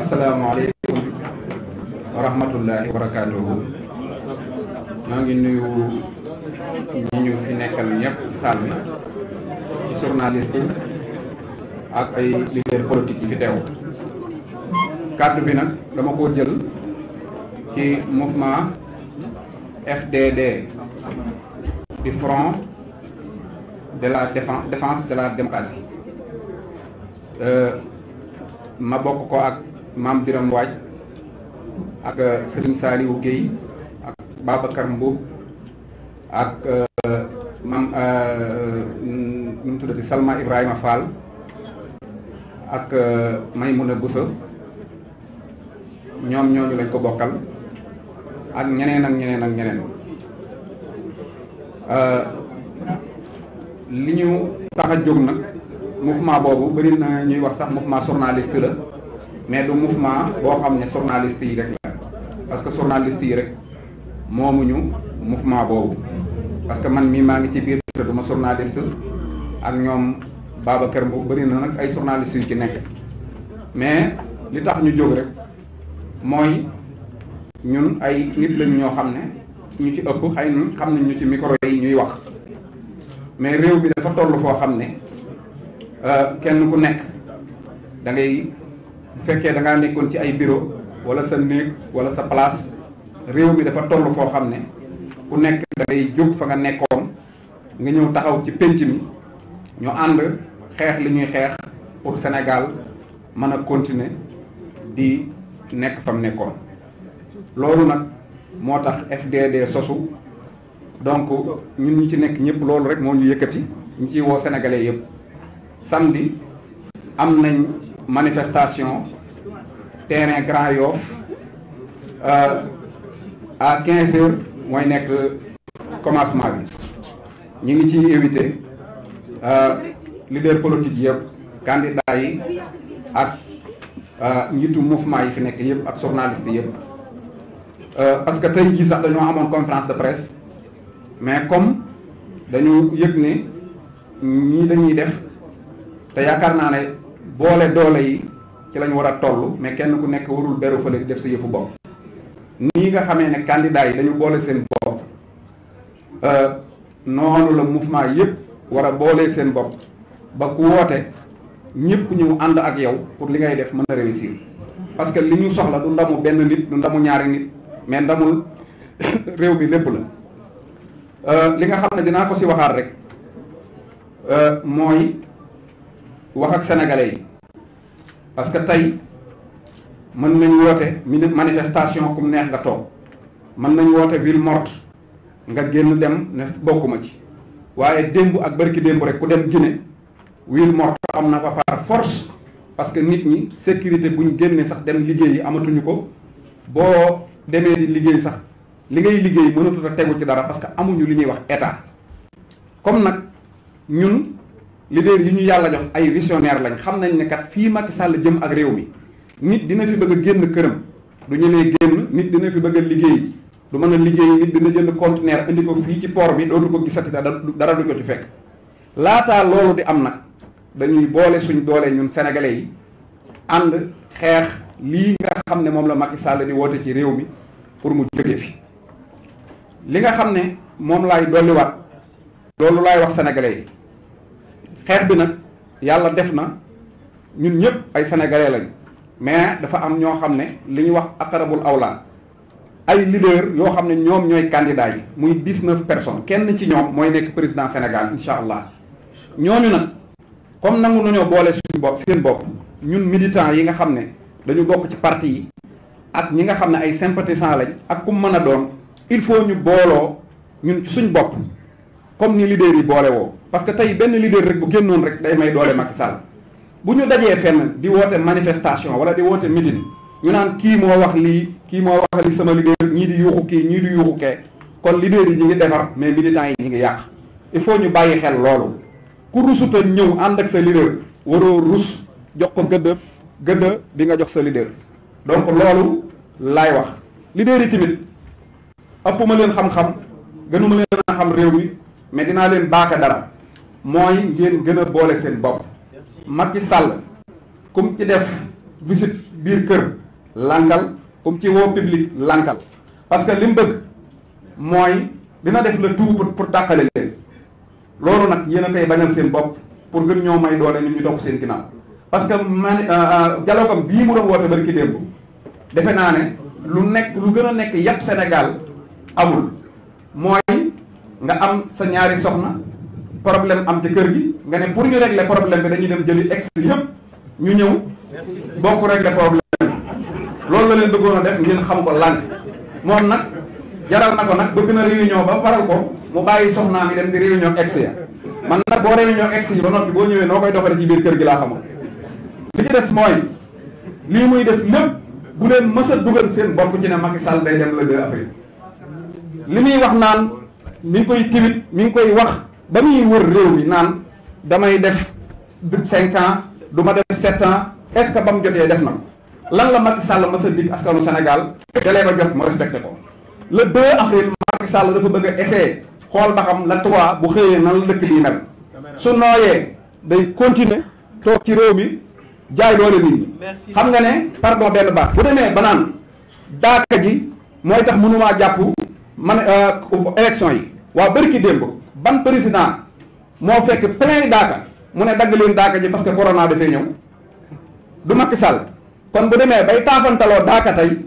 asalaamaaleykum wa rahmatullahi wa barakaatuhu ngi nuyu ñi ñu fi nekkal ñëpp ci bi journaliste ak ay leader politique yi fi teew kàddu bi nag dama ko jël ci mouvement FDD di de la défense défense de la démocratie euh, ma bokk ko ak maam Biram Waaj ak euh, Serigne Saliou Guèye ak Babacar Mboub ak euh, maam nu mu tuddati Salma Ibrahima Fall ak Maymouna Bousso ñoom ñooñu lañ ko bokkal ak ñeneen ak ñeneen ak ñeneen. li ñu tax a jóg nag mouvement boobu bëri na ñuy wax sax mouvement journaliste la mais du mouvement boo xam ne journaliste yi rek la parce que journaliste yi rek moomu moomuñu mouvement boobu parce que man mii maa ngi ci biir te du ma journaliste ak ñoom Babacar bu bëri na nag ay journaliste yu ci nekk mais li tax ñu jóg rek mooy ñun ay nit lañ ñoo xam ne ñu ci ëpp xëy na xam nañ ñu ci micro yi ñuy wax mais réew bi dafa toll foo xam ne euh, kenn ku nekk da ngay fekkee da ngaa nekkoon ci ay bureau wala sa néeg wala sa place réew mi dafa toll foo xam ne ku nekk da ngay jóg fa nga nekkoon nga ñëw taxaw ci pénc mi ñu ànd xeex li ñuy xeex pour senegal mën a continuer di nekk fa nekkoon loolu nag moo tax FDD sosu donc ñun ñu ci nekk ñëpp loolu rek moo ñu yëkkati ñu ciy woo sénégalais yëpp samedi am nañ manifestation terrain Grand Yoff euh, à 15 heures mooy nekk commencement bi ñu ngi ciy invité euh, leader politique yëpp candidat yi ak euh, njiitu mouvement yi fi nekk yëpp ak journaliste yëpp parce que tey jii sax dañoo amoon conférence de presse. mais comme dañu yëg ne ñii dañuy def te yaakaar naa ne boole doole yi ci lañu war a toll mais kenn ku nekk warul beru fële di def sa yëfu bopp. nii nga xamee ne candidat yi dañu boole seen bopp euh, noonu la mouvement yëpp war a boole seen bopp ba ku woote ñëpp ñëw ànd ak yow pour li ngay def mën a réussir parce que li ñu soxla du ndamu benn nit du ndamu ñaari nit mais ndamul réew mi lépp la. Euh, li nga xam ne dinaa ko si waxaat rek euh, mooy wax ak sénégalais yi parce que tey mën nañ woote minute manifestation kum neex nga toog mën nañ woote ville morte nga génn dem ne bokkuma ci waaye démb ak barki démb rek ku dem Guinée ville morte am na fa par force parce que nit ñi sécurité bu ñu génnee sax dem liggéey yi amatuñu ko boo demee di liggéey sax li ngay liggéey mënatul a tegu ci dara parce que amuñu li ñuy wax état comme nag ñun leader yi ñu yàlla jox ay visionnaire lañ xam nañ ne kat fii Macky Sall jëm ak réew mi nit dina fi bëgg a génn këram du ñemee génn nit dina fi bëgg a liggéey du mën a liggéey nit dina jënd conteneur indi ko fii ci port bi dootu ko gisati dara du ko ci fekk laataa loolu di am nag dañuy boole suñ doolee ñun senegale yi ànd xeex lii nga xam ne moom la Macky Sall di woote ci réew mi pour mu jóge fi li nga xam ne moom laay dolliwaat loolu laay wax sénégalais yi xeex bi nag yàlla def na ñun ñëpp ay sénégalais lañ mais dafa am ñoo xam ne li ñu wax aqrabul awlaan ay leader yoo xam ne ñoom ñooy candidat yi muy dix-neuf personnes kenn ci ñoom mooy nekk président Sénégal incha allah ñooñu nag comme nangu nañoo boole suñu bopp seen bopp ñun militants yi nga xam ne dañu bokk ci parti yi ak ñi nga xam ne ay sympathisants lañ ak ku mën a doon. il faut ñu booloo ñun ci suñ bopp comme ni leader yi boole woo parce que tey benn leader rek bu génnoon rek day may doole Macky Sall bu ñu dajee fenn di woote manifestation wala di woote meeting ñu naan kii moo wax lii kii moo wax li sama leader ñii di yuuxu kii ñii di yuuxu kee kon leader yi ñi ngi defar mais militants yi ñu ngi yàq il faut ñu bàyyi xel loolu ku rusuta ñëw ànd ak sa leader waroo rus jox ko gëdd gëdd bi nga jox sa leader donc loolu laay wax leader ëpp ma leen xam-xam gënu ma leen a xam réew mi mais dinaa leen baaka dara mooy ngeen gën a boole seen bopp Macky Sall kum ci def visite biir kër lànkal kum ci woo public lànkal parce que li mu bëgg mooy dina def le tout pour pour tàqale leen loolu nag yéen a koy bañal seen bopp pour gën ñoo may doole ñun ñu topp seen ginnaaw parce que man euh, euh, dialogue am bii mu doon woote bari ki démb defe naa ne lu nekk lu gën a nekk yàpp Sénégal amul mooy nga am sa ñaari soxna problème am ci kër gi nga ne pour ñu régler problème bi dañuy dem jëli ex yëpp ñu ñëw bokk régler problème loolu la leen bëggoon a def ngeen xam ko lànk moom nag jaral na ko nag bëgg na réunion ba faral ko mu bàyyi soxnaam yi dem di réunion ex ya man nag boo réunion ex yi ba noppi boo ñëwee noo koy doxale ci biir kër gi laa xamoon li ci des mooy lii muy def lépp bu leen mës a dugal seen bopp ci ne i Sall day dem le 2 li muy wax naan mi ngi koy timit mi ngi koy wax ba muy wër réew mi naan damay def cinq ans du ma def sept ans est-ce que ba mu jotee def na ko lan la Macky Sall ma sa dig askanu Sénégal dalee ba jot ma respecté ko le 2 avril Macky Sall dafa bëgg a essayer xool ba xam la trois bu xëyee nan la dëkk bi mel su nooyee day continuer toog ci réew mi jaay doole nit ñi xam nga ne pardon benn baax bu demee ba naan daaka ji mooy tax mënumaa jàpp man euh, élection yi waa bëri ki démb ban président moo fekk yi daaka mu ne dagg leen daaka ji parce que corona dafay ñëw du Macky Sall kon bu demee bay taafantaloo daaka tey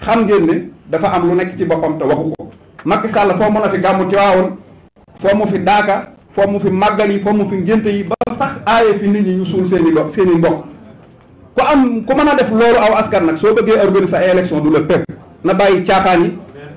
xam ngeen ne dafa am lu nekk ci boppam te waxu ko Macky Sall foo mën a fi gàmmu Tiwaawoon foo mu fi daaka foo mu fi màggal yi foo mu fi ngénte yi ba sax aaye fi nit ñi ñu suul seen i lo seen i mbokk ku am ku mën a def loolu aw askan nag soo bëggee organiser ay élection du la tëgg na bàyyi caaxaan yi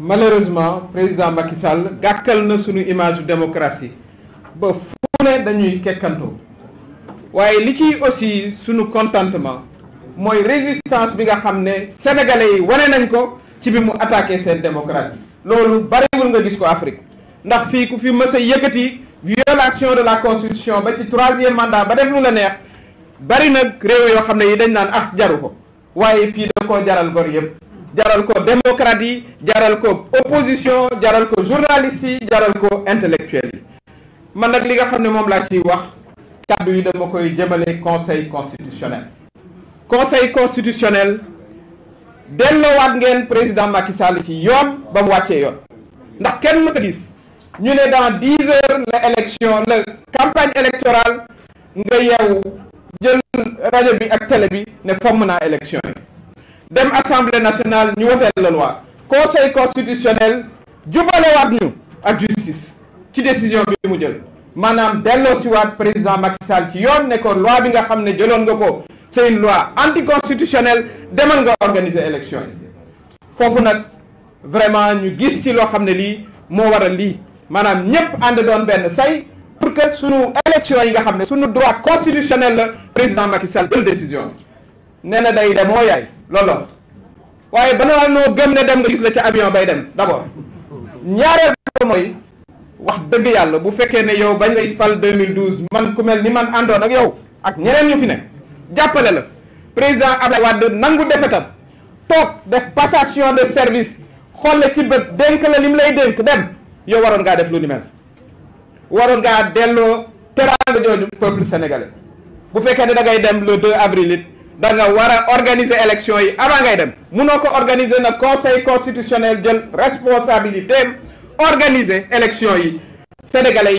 malheureusement président Macky Sall gàkkal na suñu image démocratie ba fu ne dañuy kekkantoo waaye li ci aussi suñu contentement mooy résistance bi nga xam ne sénégalais yi wane nañ ko ci bi mu attaqué seen démocratie loolu bariwul nga gis ko Afrique ndax fii ku fi mës a yëkkati violation de la constitution ba ci troisième mandat ba def lu la neex bari nag réew yoo xam ne yi dañ naan ah jaru ko waaye fii da koo jaral gor yëpp jaral ko démocrate yi jaral ko opposition jaral ko journaliste yi jaral ko intellectuel yi man nag li nga xam ne moom laa ci wax kàddu yi dama koy jëmale conseil constitutionnel conseil constitutionnel delloowaat ngeen président Macky Sall ci yoon ba mu wàccee yoon ndax kenn mësa gis ñu ne dans dix heures la élection la campagne électorale nga yeewu jël rajo bi ak télé bi ne fomm naa élection yi dem assemblée nationale ñu woteel la loi conseil constitutionnel jubalewaat ñu ak justice ci décision bi mu jël maanaam delloo si waat président Macky Sall ci yoon ne ko loi bi nga xam ne jëloon nga ko c'est loi loi anticonstitutionnelle demal nga organiser élection yi foofu nag vraiment ñu gis ci loo xam ne lii moo waral lii maanaam ñëpp ànd doon benn say pour que suñu élection yi nga xam ne sunu droit constitutionnel la président Macky Sall jël décision nee na day lool la waaye banaa noo gëm ne dem nga gis la ca avion bay dem d'abord ñaareel mooy wax dëgg yàlla bu fekkee ne yow bañ lay fal 2012 man ku mel ni man àndoon ak yow ak ñeneen ñu fi ne jàppale la président Abdoulaye Wade nangu defetam toog def passation de service xolle ci bët dénk la li mu lay dénk dem yow waroon ngaa def lu ni mel waroon ngaa delloo teraanga jooju peuple sénégalais bu fekkee ne da ngay dem le 2 avril it danga nga war a organiser élection yi avant ngay dem munoo ko organiser na conseil constitutionnel jël responsabilité organiser élection yi sénégalais